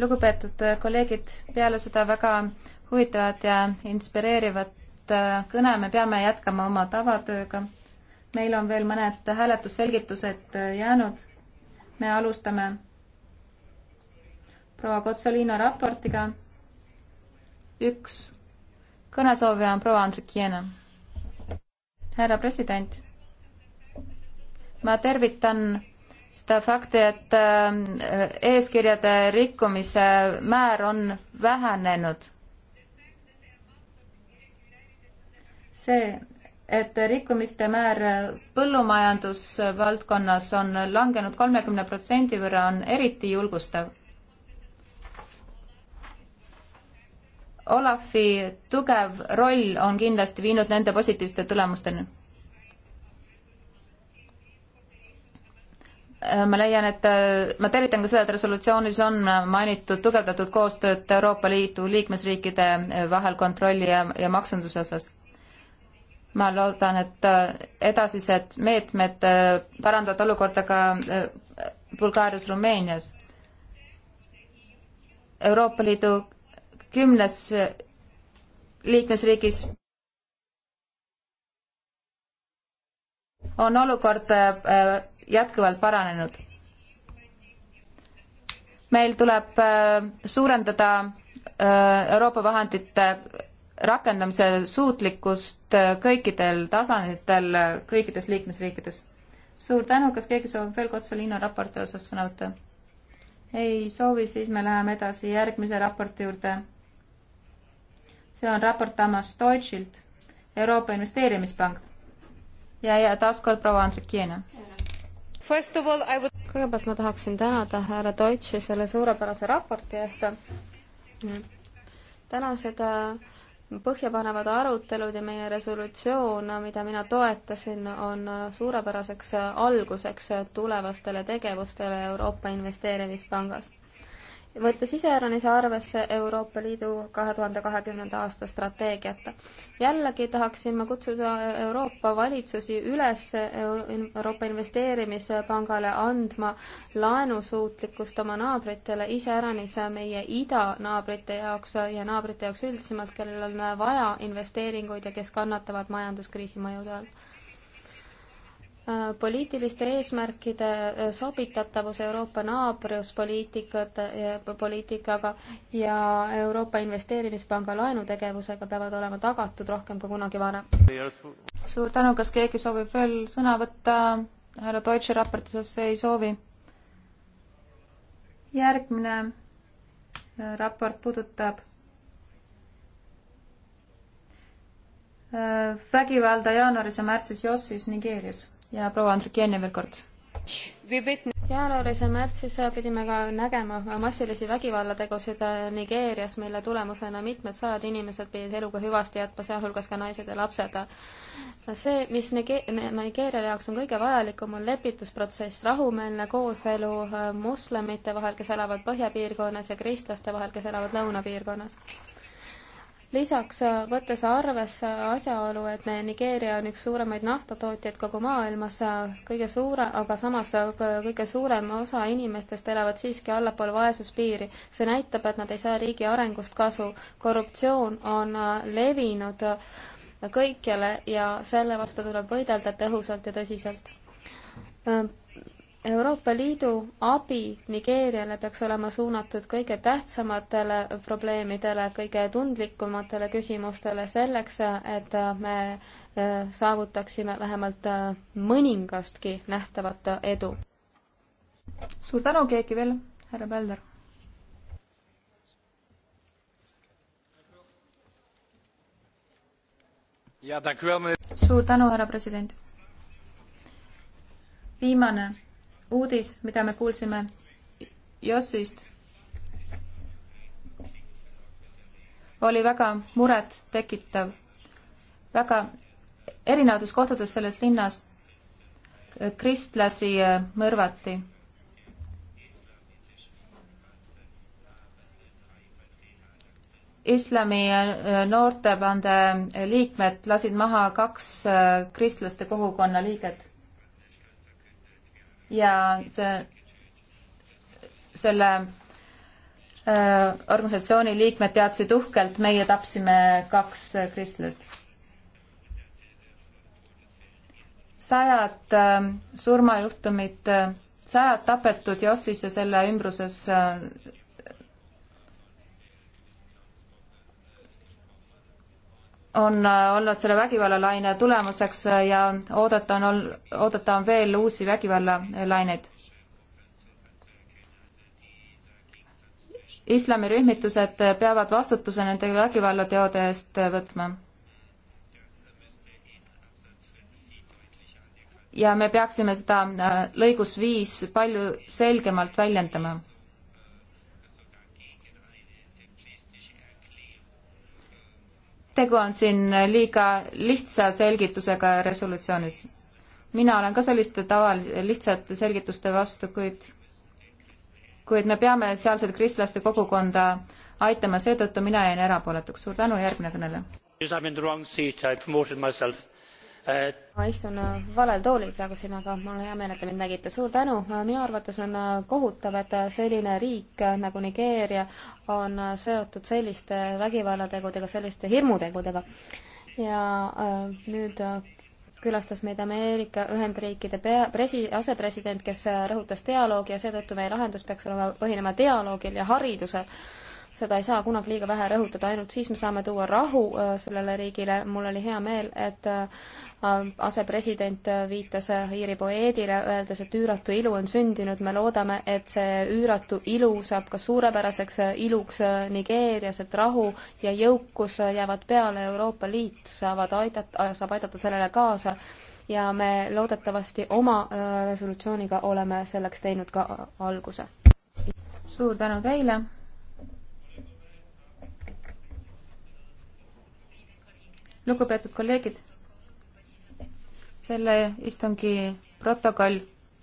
lugupeetud äh, kolleegid, peale seda väga huvitavat ja inspireerivat äh, kõne me peame jätkama oma tavatööga. meil on veel mõned hääletusselgitused äh, jäänud. me alustame proua Kotsoliino raportiga. üks kõnesoovija on proua Andrikiena. härra president, ma tervitan seda fakti, et äh, eeskirjade rikkumise määr on vähenenud. see, et rikkumiste määr põllumajandusvaldkonnas on langenud kolmekümne protsendi võrra, on eriti julgustav. Olafi tugev roll on kindlasti viinud nende positiivsete tulemusteni Äh, ma leian, et äh, ma tervitan ka seda, et resolutsioonis on äh, mainitud tugevdatud koostööd Euroopa Liidu liikmesriikide vahel kontrolli ja, ja maksunduse osas. ma loodan, et edasised meetmed parandavad olukorda ka Bulgaarias, Rumeenias. Euroopa Liidu kümnes liikmesriigis on olukord jätkuvalt paranenud. meil tuleb äh, suurendada äh, Euroopa vahendite rakendamise suutlikkust äh, kõikidel tasanditel, kõikides liikmesriikides. suur tänu, kas keegi soovib veel Kotsolino raporti osas sõna võtta? ei soovi, siis me läheme edasi järgmise raporti juurde. see on raport Tamas Deutschilt, Euroopa Investeerimispank ja, ja taaskord proua Andrikiene. Would... kõigepealt ma tahaksin tänada härra Deutsche selle suurepärase raporti eest. tänased äh, põhjapanevad arutelud ja meie resolutsioon, mida mina toetasin, on suurepäraseks äh, alguseks äh, tulevastele tegevustele Euroopa Investeerimispangas võttes iseäranis arvesse Euroopa Liidu kahe tuhande kahekümnenda aasta strateegiat. jällegi tahaksin ma kutsuda Euroopa valitsusi üles Euroopa Investeerimispangale andma laenusuutlikkust oma naabritele, iseäranis meie idanaabrite jaoks ja naabrite jaoks üldisemalt, kellel on vaja investeeringuid ja kes kannatavad majanduskriisi mõjude all Äh, poliitiliste eesmärkide äh, sobitatavus Euroopa naabruspoliitikat, äh, poliitikaga ja Euroopa Investeerimispanga laenutegevusega peavad olema tagatud rohkem kui kunagi varem. suur tänu, kas keegi soovib veel sõna võtta? härra Deutsche raportises ei soovi. järgmine raport puudutab vägivalda jaanuaris ja märtsis Jossis Nigeerias ja proua Andrikiene veel kord. jaanuaris ja märtsis pidime ka nägema massilisi vägivallategusid Nigeerias, mille tulemusena mitmed sajad inimesed pidid eluga hüvasti jätma, sealhulgas ka naised ja lapsed. see, mis Nigeeria jaoks on kõige vajalikum, on lepitusprotsess, rahumeelne kooselu moslemite vahel, kes elavad põhjapiirkonnas, ja kristlaste vahel, kes elavad lõunapiirkonnas lisaks äh, võttes arvesse asjaolu, et Nigeeria on üks suuremaid naftatootjaid kogu maailmas, äh, kõige suure, aga samas äh, kõige suurem osa inimestest elavad siiski allapool vaesuspiiri. see näitab, et nad ei saa riigi arengust kasu. korruptsioon on levinud kõikjale ja selle vastu tuleb võidelda tõhusalt ja tõsiselt Euroopa Liidu abi Nigeeriale peaks olema suunatud kõige tähtsamatele probleemidele, kõige tundlikumatele küsimustele, selleks et me äh, saavutaksime vähemalt äh, mõningastki nähtavat äh, edu. suur tänu, keegi veel? härra Pälder. suur tänu, härra president. viimane uudis, mida me kuulsime Jossist, oli väga muret tekitav. väga erinevates kohtades selles linnas kristlasi äh, mõrvati. islami äh, noortepande äh, liikmed lasid maha kaks kristlaste kogukonna liiget ja see, selle äh, organisatsiooni liikmed teadsid uhkelt, meie tapsime kaks kristlast. sajad äh, surmajuhtumid äh,, sajad tapetud Jossis ja selle ümbruses äh, on äh, olnud selle vägivallalaine tulemuseks äh, ja oodata on ol-, oodata on veel uusi vägivallalaineid. islamirühmitused äh, peavad vastutuse nende vägivallateode eest võtma. ja me peaksime seda lõigus viis palju selgemalt väljendama tegu on siin liiga lihtsa selgitusega resolutsioonis. mina olen ka selliste taval-, lihtsate selgituste vastu, kuid, kuid me peame sealset kristlaste kogukonda aitama, seetõttu mina jäin erapooletuks. suur tänu, järgmine kõneleja ma istun äh, valel toolil praegu siin, aga mul on hea meel, et te mind nägite. suur tänu, äh, minu arvates on äh, kohutav, et selline riik nagu Nigeeria on seotud selliste vägivallategudega, selliste hirmutegudega. ja nüüd külastas meid Ameerika Ühendriikide pea, presi-, asepresident, kes rõhutas dialoogi ja seetõttu meie lahendus peaks olema, põhinema dialoogil ja haridusel seda ei saa kunagi liiga vähe rõhutada, ainult siis me saame tuua rahu äh, sellele riigile. mul oli hea meel, et äh, asepresident äh, viitas Iiri poeedile, öeldes, et üüratu ilu on sündinud. me loodame, et see üüratu ilu saab ka suurepäraseks iluks Nigeerias, et rahu ja jõukus jäävad peale. Euroopa Liit saavad aidata, saab aidata sellele kaasa ja me loodetavasti oma resolutsiooniga oleme selleks teinud ka alguse. suur tänu teile! lugupeetud kolleegid, selle istungi protokoll